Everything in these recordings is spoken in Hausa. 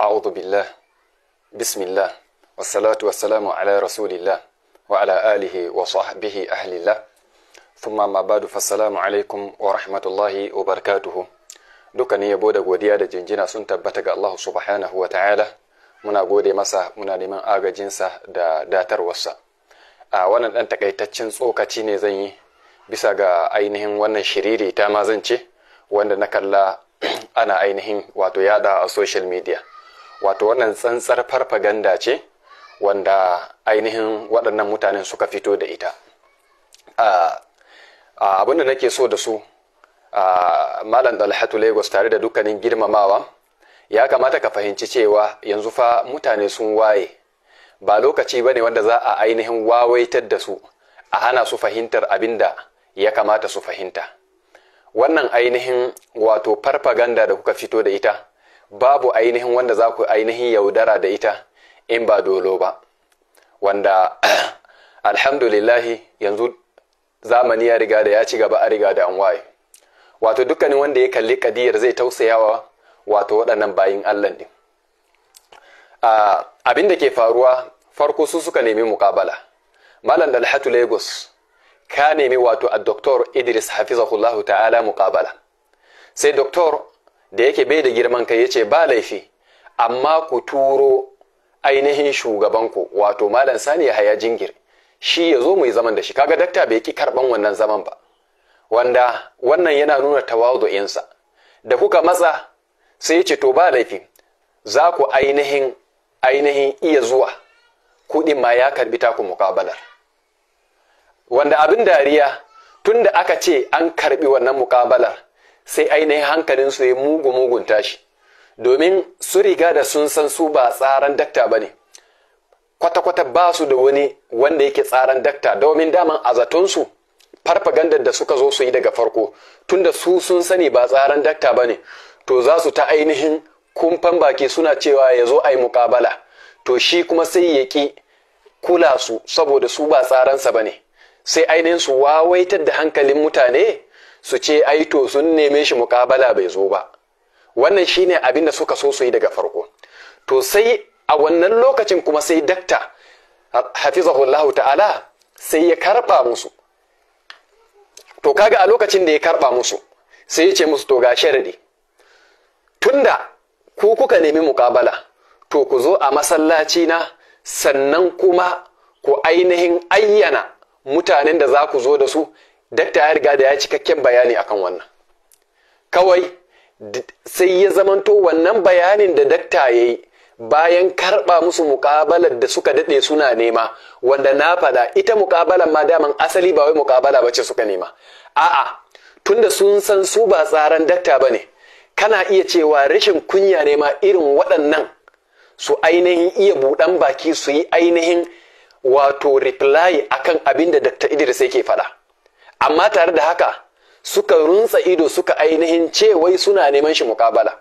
أعوذ بالله بسم ala rasulillah والسلام على رسول الله وعلى آله وصحبه أهل الله ثم ما بعد فالسلام عليكم ورحمة الله وبركاته duka ne yabo da godiya da jinjina sun tabbata ga Allah subhanahu wa ta'ala muna gode masa muna neman agajinsa da datarwarsa a wannan dan takaitaccen tsokaci ne zan yi bisa ga ainihin wannan shiriri ta ma zan ce wanda na kalla ana ainihin wato yada a social media wato wannan tsantsar farfaganda ce wanda ainihin waɗannan mutanen suka fito da ita abin da nake so da su malam dalhatu lagos tare da dukkanin girmamawa ya kamata ka fahimci cewa yanzu fa mutane sun waye ba lokaci ba ne wanda za a ainihin wawaitar da su a hana su fahimtar abin da ya kamata su fahimta wannan ainihin wato farfaganda da kuka fito da ita babu ainihin wanda za ku ainihin yaudara da ita in ba dolo ba wanda alhamdulillahi yanzu zamani ya riga da ya ci gaba a riga da an waye wato dukkanin wanda ya kalli kadiyar zai tausayawa wato waɗannan bayin allah ne abin da ke faruwa farko su suka nemi mukabala malam dalhatu lagos ka nemi wato a doktor idris hafizahullahu ta'ala mukabala sai doktor da yake bai da girman kai yace ba laifi amma ku turo ainihin shugabanku wato malam sani haya jingir shi ya zo mu zaman da shi kaga dakta bai ki karban wannan zaman ba wanda wannan yana nuna tawazu'insa da kuka matsa sai ce to ba laifi za ku ainihin ainihin iya zuwa kuɗin ma ya karbi taku mukabalar wanda abin dariya tun da aka ce an karɓi wannan mukabalar sai ainihin hankalin su ya mugu mugun tashi domin su riga da sun san su ba tsaran dakta ba ne kwata-kwata ba su da wani wanda yake tsaran dakta domin daman a farfagandar da suka zo su yi daga farko tunda su sun sani ba tsaran dakta ba ne to za su ta ainihin kumfan baki suna cewa ya zo a yi mukabala to shi kuma sai ya ki kula su saboda su ba tsaransa ba ne sai ainihin su wawaitar da hankalin mutane su ce ai to sun neme shi mukabala bai zo ba wannan shine abin da suka so su yi daga farko to sai a wannan lokacin kuma sai dakta hafizahullahu ta'ala sai ya karba musu to kaga a lokacin da ya karba musu sai ya ce musu to ga sharadi tunda ku kuka nemi mukabala to ku zo a masallaci na sannan kuma ku ainihin ayyana mutanen da za ku zo da su dakta ya riga da ya cikakken bayani akan wannan kawai sai ya zamanto wannan bayanin da dakta ya yi bayan karɓa musu mukabalar da suka daɗe suna nema wanda na faɗa ita mukabalar ma daman asali ba wai mukabala ba ce suka nema a'a tunda sun san su ba tsaran dakta ba ne kana iya cewa rashin kunya nema irin waɗannan su ainihin iya buɗan baki su yi ainihin wato reply akan abin da Dr. Idris yake faɗa amma tare da haka suka runtsa ido suka ainihin ce wai suna neman shi mukabala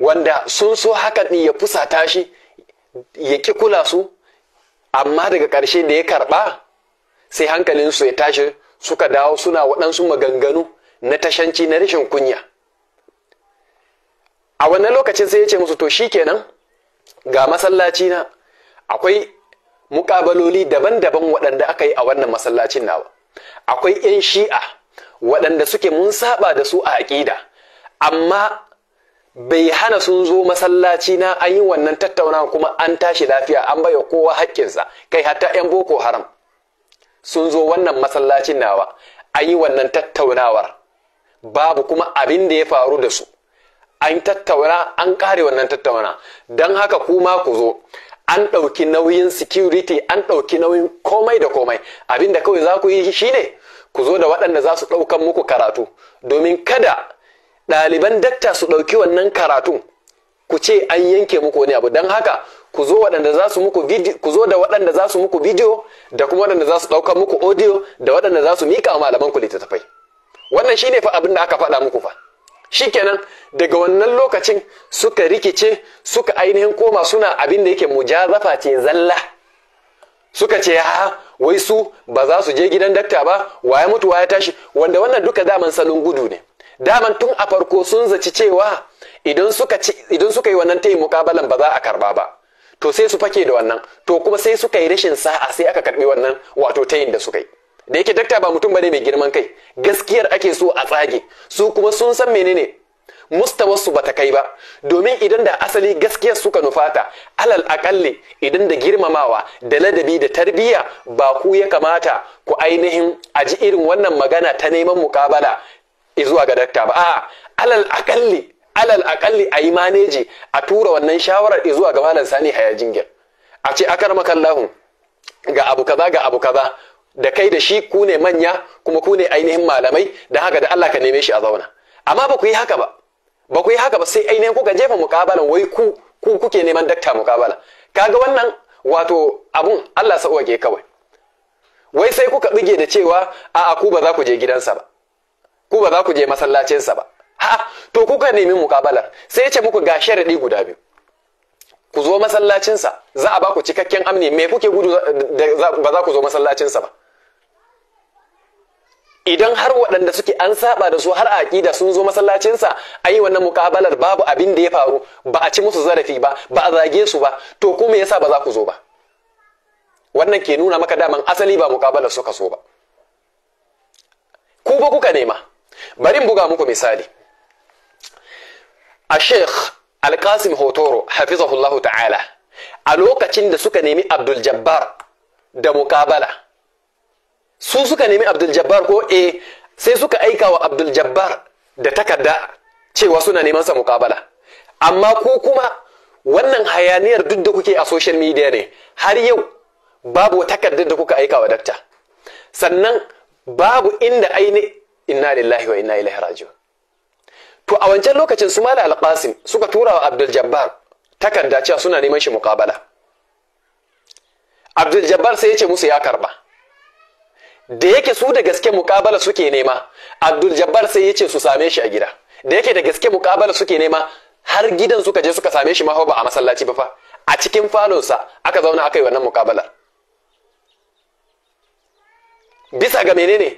wanda sun so hakan ya fusata shi ya ƙi kula su amma daga ƙarshe da ya karɓa sai hankalinsu ya tashi suka dawo suna waɗansu maganganu na tashanci na rashin kunya a wannan lokacin sai ya ce musu to shi kenan ga masallaci na akwai muƙabaloli daban-daban waɗanda aka yi a wannan masallacin nawa akwai 'yan shi'a waɗanda suke mun saba da su a aƙida amma bai hana sun zo masallaci na an yi wannan tattaunawa kuma an tashi lafiya an baiwa kowa haƙƙinsa kai hatta 'yan boko haram sun zo wannan masallacin nawa an yi wannan tattaunawar babu kuma abin da ya faru da su an tattauna an ƙare wannan tattauna don haka kuma ku zo an ɗauki nauyin security an ɗauki nauyin komai da komai abinda kawai za ku yi shine ku zo da waɗanda za su ɗaukan muku karatu domin kada ɗaliban dakta su ɗauki wannan karatun ku ce an yanke muku wani abu don haka ku zo da waɗanda za su muku video da kuma waɗanda za su ɗaukan muku audio da waɗanda za su mika malaman ku littattafai wannan shine fa abin da aka faɗa muku fa shikenan daga wannan lokacin suka rikice suka ainihin koma suna abin da yake mujazafa ce zalla suka ce ha wai su ba za su je gidan dakta ba waye mutu waye tashi wanda wannan duka daman salon gudu ne daman tun a farko sun zaci cewa idan suka yi wannan tayi mukabalan ba za a karba ba to sai su fake da wannan to kuma sai suka yi rashin sa'a sai aka karbi wannan wato tayin da suka yi da yake dakta ba mutum bane mai girman kai gaskiyar ake so a tsage su kuma sun san menene mustawarsu ba ta kai ba domin idan da asali gaskiyar suka nufata alal akalle idan da girmamawa da ladabi da tarbiyya ba ku ya kamata ku ainihin aji irin wannan magana ta neman mukabala zuwa ga dakta ba a alal akalle alal akalli a yi maneji a tura wannan shawarar zuwa ga malam sani hayajingir a ce akar makallahu ga abu kaza ga abu kaza da kai da shi ku ne manya kuma ku ne ainihin malamai da haka da Allah ka neme shi a zauna amma ba ku yi haka ba ba ku yi haka ba sai ainihin kuka jefa mukabalan wai ku ku kuke neman dakta mukabala kaga wannan wato abun Allah sa uwake kawai wai sai kuka buge da cewa a'a ku ba za ku je gidansa ba ku ba za ku je masallacinsa ba ha to kuka nemi mukabalar sai ce muku ga sharadi guda biyu ku zo masallacinsa za a ba ku cikakken amni me kuke gudu ba za ku zo masallacinsa ba idan har waɗanda suke an saba da su har aƙida sun zo masallacinsa a yi wannan mukabalar babu abin da ya faru ba a ci musu zarafi ba ba a zage su ba to kuma yasa ba za ku zo ba wannan ke nuna maka daman asali ba mukabalar suka so ba ku ba kuka nema bari in buga muku misali a sheikh alkasim hotoro hafizahullahu ta'ala a lokacin da suka nemi abdul jabbar da mukabala. su suka nemi abdul jabbar ko e sai suka aika wa abdul jabbar da takarda cewa suna neman sa mukabala amma ko kuma wannan hayaniyar duk da kuke a social media ne har yau babu takardar da kuka aika wa dakta sannan babu inda aini inna lillahi wa inna ilaihi raji to a wancan lokacin su mala alqasim suka tura wa abdul jabbar takarda cewa suna neman shi mukabala abdul jabbar sai ya ce musu ya karba da yake su da gaske mukabala suke nema abdul jabbar sai ya ce su same shi a gida da yake da gaske mukabala suke nema har gidan suka je suka same shi ma ba a masallaci ba fa a cikin falonsa aka zauna aka yi wannan mukabalar bisa ga menene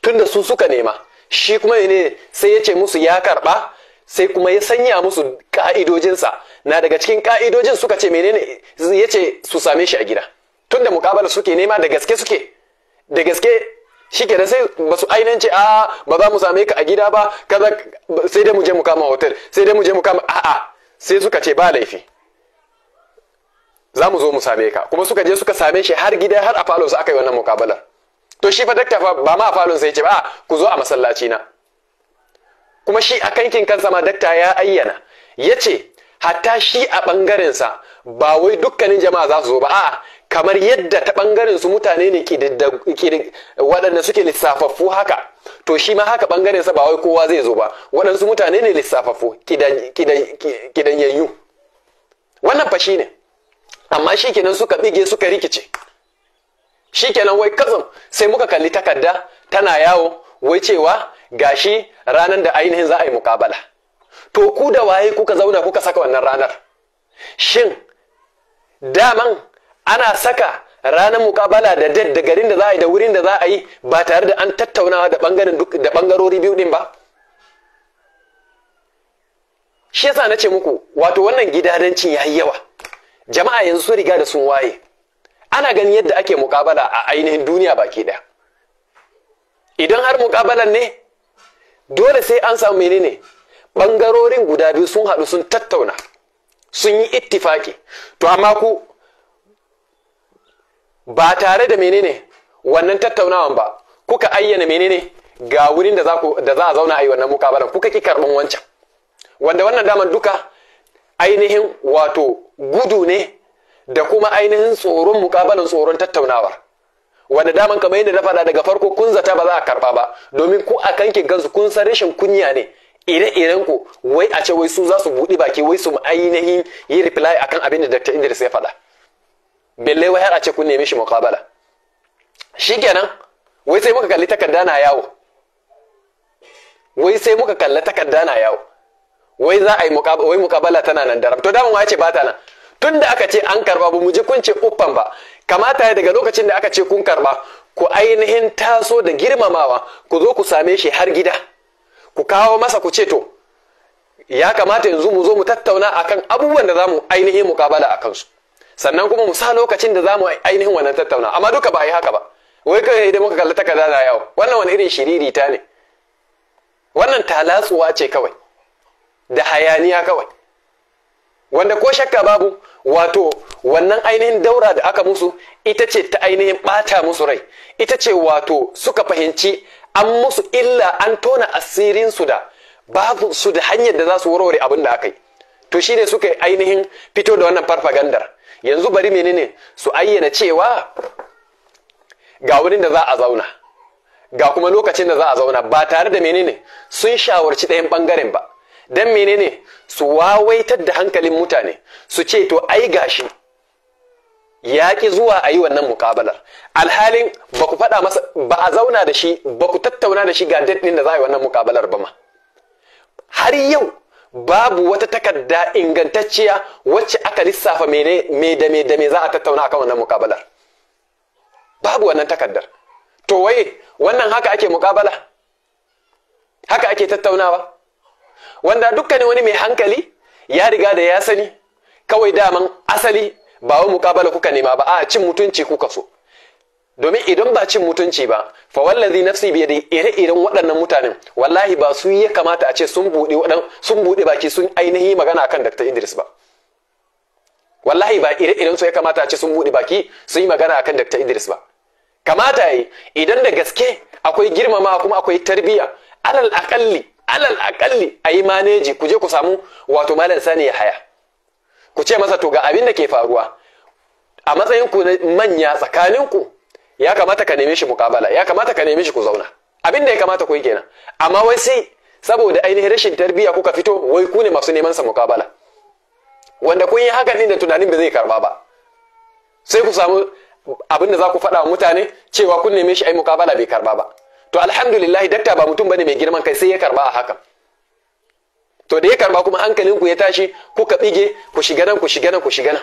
tunda su suka nema shi kuma ne sai ya ce musu ya karba sai kuma ya sanya musu ka'idojinsa na daga cikin ka'idojin suka ce menene ya ce su same shi a gida tunda mukabala suke nema da gaske suke da gaske shi kenan sai ba su ainihin ce a ba za mu same ka a gida ba kaza sai dai mu je mu kama hotel sai dai mu je mu kama a'a sai suka ce ba laifi za mu zo mu same ka kuma suka je suka same shi har gida har a falon su aka yi wannan mukabalar to shi fa dakta fa ba ma a falon sai ce ba ku zo a masallaci na kuma shi a kankin kansa ma dakta ya ayyana ya ce hatta shi a ɓangarensa ba wai dukkanin jama'a za su zo ba a'a kamar yadda ta ɓangaren su mutane ne waɗanda suke lissafaffu haka to shi ma haka ɓangaren sa ba wai kowa zai zo ba waɗansu mutane ne lissafaffu kidanyayyu wannan fa ne amma shi kenan suka bige suka rikice shi kenan wai kazan sai muka kalli takarda tana yawo wai cewa gashi ranar da ainihin za a yi mukabala to ku da waye kuka zauna kuka saka wannan ranar shin daman ana saka ranar mukabala da dad da garin da za a yi da wurin da za a yi ba tare da an tattaunawa da bangaren duk da bangarori biyu din ba shi yasa na ce muku wato wannan gidadancin yayi yawa jama'a yanzu sun riga da sun waye ana ganin yadda ake mukabala a ainihin duniya baki ɗaya idan har mukabalan ne dole sai an samu menene bangarorin guda biyu sun haɗu sun tattauna sun yi ittifaki to amma ku ba tare da menene wannan tattaunawan ba kuka ayyana menene ga wurin da za a zauna a yi wannan mukabalan kuka ki karɓan wancan wanda wannan daman duka ainihin wato gudu ne da kuma ainihin tsoron mukabalan tsoron tattaunawar wanda daman kamar yadda na faɗa daga farko kun zata ba za a karɓa ba domin ku a kanki gansu kun san rashin kunya ne ire-iren ku wai a ce wai su za su buɗe baki wai su ainihin yi reply akan abin da Dr. Idris ya faɗa. belle wai har a ce kun neme shi muqabala shikenan wai sai muka kalli takarda na yawo wai sai muka kalla takarda na yawo wai za a yi wai muqabala tana nan daram to dama wace ce ba ta nan Tunda aka ce an karba ba mu ji kun ce uffan ba kamata daga lokacin da aka ce kun karba ku ainihin taso da girmamawa ku zo ku same shi har gida ku kawo masa ku ce to ya kamata yanzu mu zo mu tattauna akan abubuwan da za mu ainihin mukabala a kansu sannan kuma mu sa lokacin da zamu ainihin wannan tattauna amma duka ba yi haka ba wai kai idan muka kalli takarda na yawo wannan wani irin shiriri ta ne wannan talatsuwa ce kawai da hayaniya kawai wanda ko shakka babu wato wannan ainihin daura da aka musu ita ce ta ainihin bata musu rai ita ce wato suka fahimci an musu illa an tona asirin su da babu su da hanyar da za su warware abin da aka yi to shine suka ainihin fito da wannan farfagandar yanzu bari menene su ayyana cewa ga wurin da za a zauna ga kuma lokacin da za a zauna ba tare da menene sun shawarci ɗayan ɓangaren ba don menene su wawaitar da hankalin mutane su ce to ai gashi ya ki zuwa a yi wannan mukabalar alhalin ba ku faɗa masa ba a zauna da shi ba ku tattauna da shi ga daɗin da za a yi wannan mukabalar ba ma har yau babu wata takarda ingantacciya wacce aka lissafa me da me da me za a tattauna akan wannan mukabalar babu wannan takardar to waye wannan haka ake mukabala haka ake tattaunawa wanda dukkanin wani mai hankali ya riga da ya sani kawai daman asali ba wa mukabala kuka nema ba a cin mutunci kuka so domin idan ba cin mutunci ba fa wallazi nafsi bi yadi ire-iren waɗannan mutanen wallahi ba su ya kamata a ce sun buɗe sun bude baki sun ainihi magana akan Dr. Idris ba wallahi ba ire-iren su ya kamata a ce sun buɗe baki sun yi magana akan Dr. Idris ba kamata yi idan da gaske akwai girmama kuma akwai tarbiyya alal akalli alal akalli ayi maneji ku je ku samu wato malam sani ya haya ku ce masa to ga abin da ke faruwa a matsayin ku manya tsakaninku ya kamata ka neme shi mukabala ya kamata ka neme shi ku zauna abin da ya kamata ku yi kenan amma wai sai saboda ainihin rashin tarbiyya kuka fito wai ku ne masu neman sa mukabala wanda kun yi hakan din da tunanin ba zai karba ba sai ku samu abin da za ku faɗa wa mutane cewa kun neme shi ai mukabala bai karba ba to alhamdulillah dakta ba mutum bane mai girman kai sai ya karba a haka to da ya karba kuma hankalin ku ya tashi kuka bige ku shiga nan ku shiga nan ku shiga nan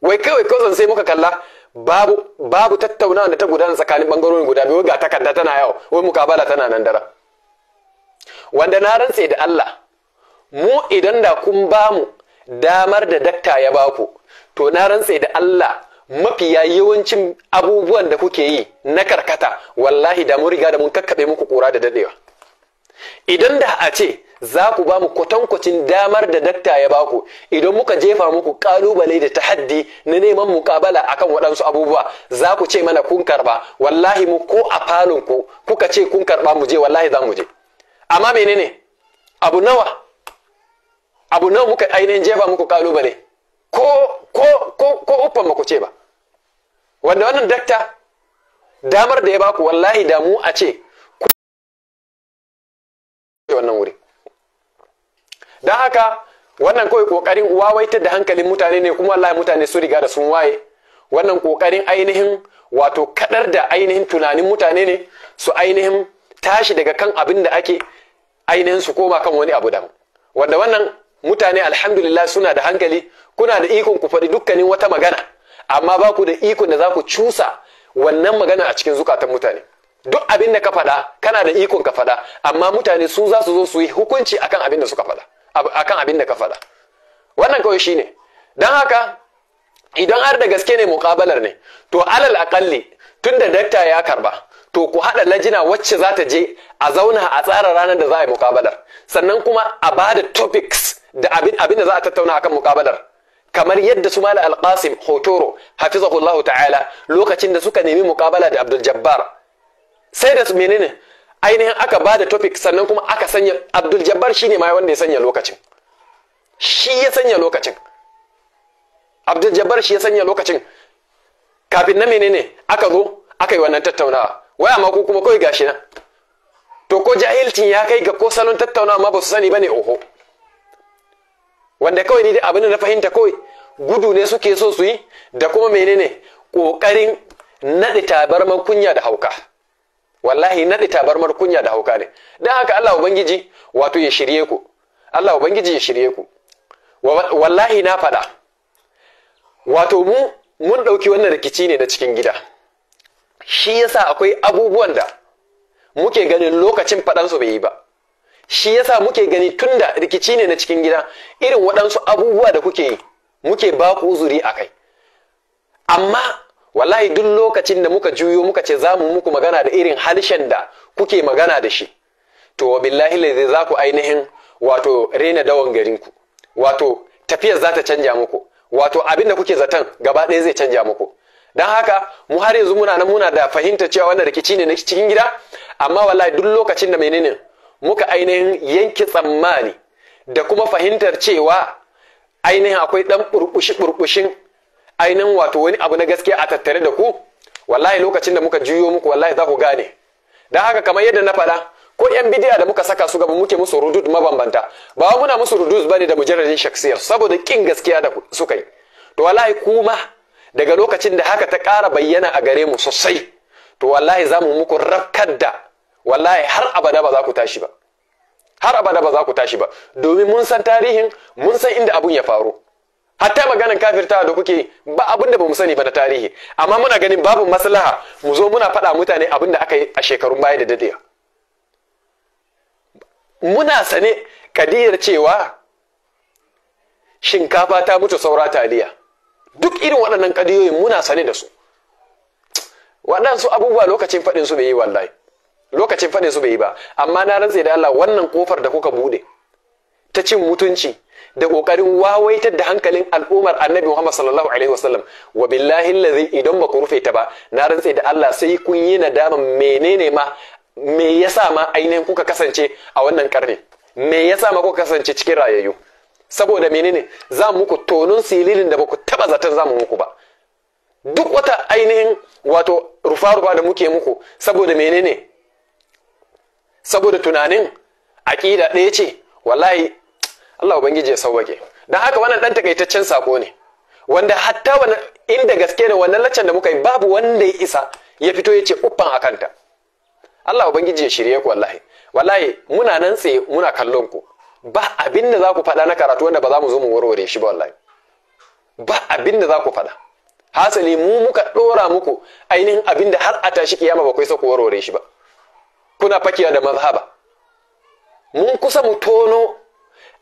wai kawai kawai sai muka kalla babu babu tattaunawa da ta gudana tsakanin bangarorin guda biyu ga takarda tana yau wai mukabala tana nan dara wanda na rantse da Allah mu idan da kun bamu damar da dakta ya baku to na rantse da Allah mafi yawancin abubuwan da kuke yi na karkata wallahi da mun riga da mun kakkaɓe muku kura da dadewa idan da a ce za ku ba mu kwatankwacin damar da dakta ya baku idan muka jefa muku kalubale da tahaddi na neman mukabala akan waɗansu abubuwa za ku ce mana kun karba wallahi mu ko a falon ku kuka ce kun karba mu je wallahi za mu je amma menene abu nawa abu nawa muka ainihin jefa muku kalubale ko ko ko ko uffan ku ce ba wanda wannan dakta damar da ya baku wallahi damu a ce wannan wuri don haka wannan kawai kokarin wawaitar da hankalin mutane ne kuma wallahi mutane su riga da sun waye wannan kokarin ainihin wato kadar da ainihin tunanin mutane ne su ainihin tashi daga kan abin da ake ainihin su koma kan wani abu daban wanda wannan mutane alhamdulillah suna da hankali kuna da ikon ku faɗi dukkanin wata magana amma ba ku da ikon da za ku cusa wannan magana a cikin zukatan mutane duk abin da ka faɗa kana da ikon ka faɗa amma mutane su za su zo su yi hukunci akan abin da suka faɗa akan abin da ka faɗa wannan kawai shi ne. don haka idan har da gaske ne muƙabalar ne to alal aƙalli tun da dakta ya karba to ku haɗa lajina wacce za ta je a zauna a tsara ranar da za a yi muƙabalar sannan kuma a ba da topics da abin da za a tattauna akan muƙabalar kamar yadda su mala alƙasim hotoro hafizahullahu ta'ala lokacin da suka nemi muƙabala da abdul jabbar sai da su menene ainihin aka ba da topic sannan kuma aka sanya abdul jabbar shi ne ma wanda ya sanya lokacin shi ya sanya lokacin abdul jabbar shi ya sanya lokacin kafin na menene aka zo aka yi wannan tattaunawa waya ma ku kuma kawai gashi na to ko jahilcin ya kai ga ko salon tattaunawa ma ba su sani bane oho wanda kawai ni dai abin da na fahimta kawai gudu ne suke so su yi da kuma menene ƙoƙarin naɗe tabarman kunya da hauka wallahi ta tabarmar kunya da hauka ne don haka Allah ubangiji wato ya shirye ku Allah ubangiji ya shirye ku wallahi na faɗa wato mu mun ɗauki wannan rikici ne na cikin gida shi yasa akwai abubuwan da muke ganin lokacin faɗansu bai yi ba shi yasa muke gani tun da rikici ne na cikin gida irin waɗansu abubuwa da kuke yi muke ba ku uzuri a kai amma wallahi duk lokacin da muka juyo muka ce za mu muku magana da irin harshen da kuke magana da shi to wa billahi za ku ainihin wato rena dawan garinku wato tafiyar za ta canja muku wato abin da kuke zaton gaba ɗaya zai canja muku don haka mu har yanzu muna nan muna da fahimta cewa wannan rikici ne na cikin gida amma wallahi duk lokacin da menene muka ainihin yanke tsammani da kuma fahimtar cewa ainihin akwai ɗan burbushi burbushin ainihin wato wani abu na gaskiya a tattare da ku wallahi lokacin da muka juyo muku wallahi za ku gane dan haka kamar yadda na faɗa ko yan bidiya da muka saka su gaba muke musu rudud mabambanta ba wa muna musu rudud bane da mujarradin shaksiyar saboda kin gaskiya da su kai to wallahi kuma daga lokacin da haka ta ƙara bayyana a gare mu sosai to wallahi za mu muku rafkar da wallahi har abada ba za ku tashi ba har abada ba za ku tashi ba domin mun san tarihin mun san inda abun ya faru hatta maganin kafirta da kuke ba abin da mu sani ba na tarihi amma muna ganin babu maslaha mu zo muna faɗa mutane abin da aka yi a shekarun baya da dadewa muna sane kadiyar cewa shinkafa ta mutu saura taliya duk irin waɗannan kadiyoyin muna sane da su waɗansu abubuwa lokacin faɗin su bai yi wallahi lokacin faɗin su bai yi ba amma na rantse da Allah wannan kofar da kuka bude ta cin mutunci da kokarin wawaitar da hankalin al'ummar annabi Muhammad sallallahu alaihi wasallam wa billahi allazi idan ba ku rufe ta ba na rantse da Allah sai kun yi nadama menene ma me yasa ma ainihin kuka kasance a wannan karni me yasa ma kuka kasance cikin rayayyu saboda menene za mu ku tonon sililin da ba ku taba zaton za mu muku ba duk wata ainihin wato rufa-rufa da muke muku saboda menene saboda tunanin aƙida ɗaya ce wallahi Allah ubangiji ya sauwake dan haka wannan dan takaitaccen sako ne wanda hatta wani inda gaske ne wannan laccan da muka yi babu wanda ya isa ya fito ya ce uffan a kanta Allah ubangiji ya shirye ku wallahi wallahi muna nan tsaye muna kallon ku ba abin da za ku faɗa na karatu wanda ba za mu zo mu warware shi ba wallahi ba abin da za ku faɗa hasali mu muka ɗora muku ainihin abin da har a tashi kiyama ba kai ku warware shi ba kuna fakiya da mazhaba mun kusa mu tono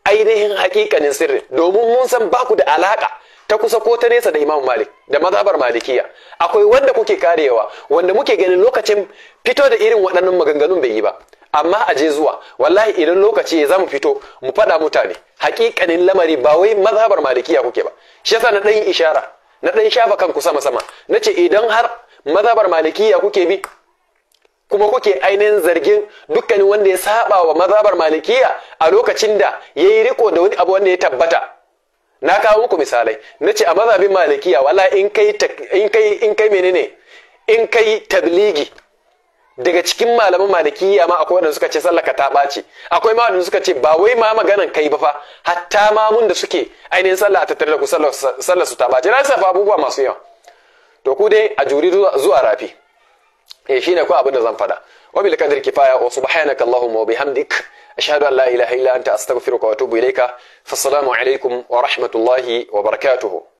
ainihin hakikanin sirri domin mun san baku da alaka ta kusa ko ta nesa da Imam Malik da mazhabar Malikiya akwai wanda kuke karewa wanda muke ganin lokacin fito da irin waɗannan maganganun bai yi ba amma a je zuwa wallahi idan lokaci ya zamu fito mu faɗa mutane hakikanin lamari ba wai mazhabar Malikiya kuke ba shi yasa na dan ishara na ɗan shafa kanku sama sama ce idan har mazhabar Malikiya kuke bi kuma kuke ainihin zargin dukkanin wanda ya saba wa mazabar malikiya a lokacin da ya yi riko da wani abu wanda ya tabbata na kawo muku misalai na ce a mazabin malikiya wala in kai in kai menene in kai tabligi daga cikin malaman malikiya ma akwai wanda suka ce sallaka ta ce akwai ma wanda suka ce ba wai ma maganan kai ba fa hatta ma mun da suke ainihin sallah a tattare da ku sallar su ta ce na safa abubuwa masu yawa to ku dai a juri zuwa rafi eh ne ko abin da zan fada wa bil kifaya wa subhanaka allahumma wa bihamdik ashhadu an la ilaha illa anta astaghfiruka wa atubu ilayka alaikum wa rahmatullahi wa barakatuh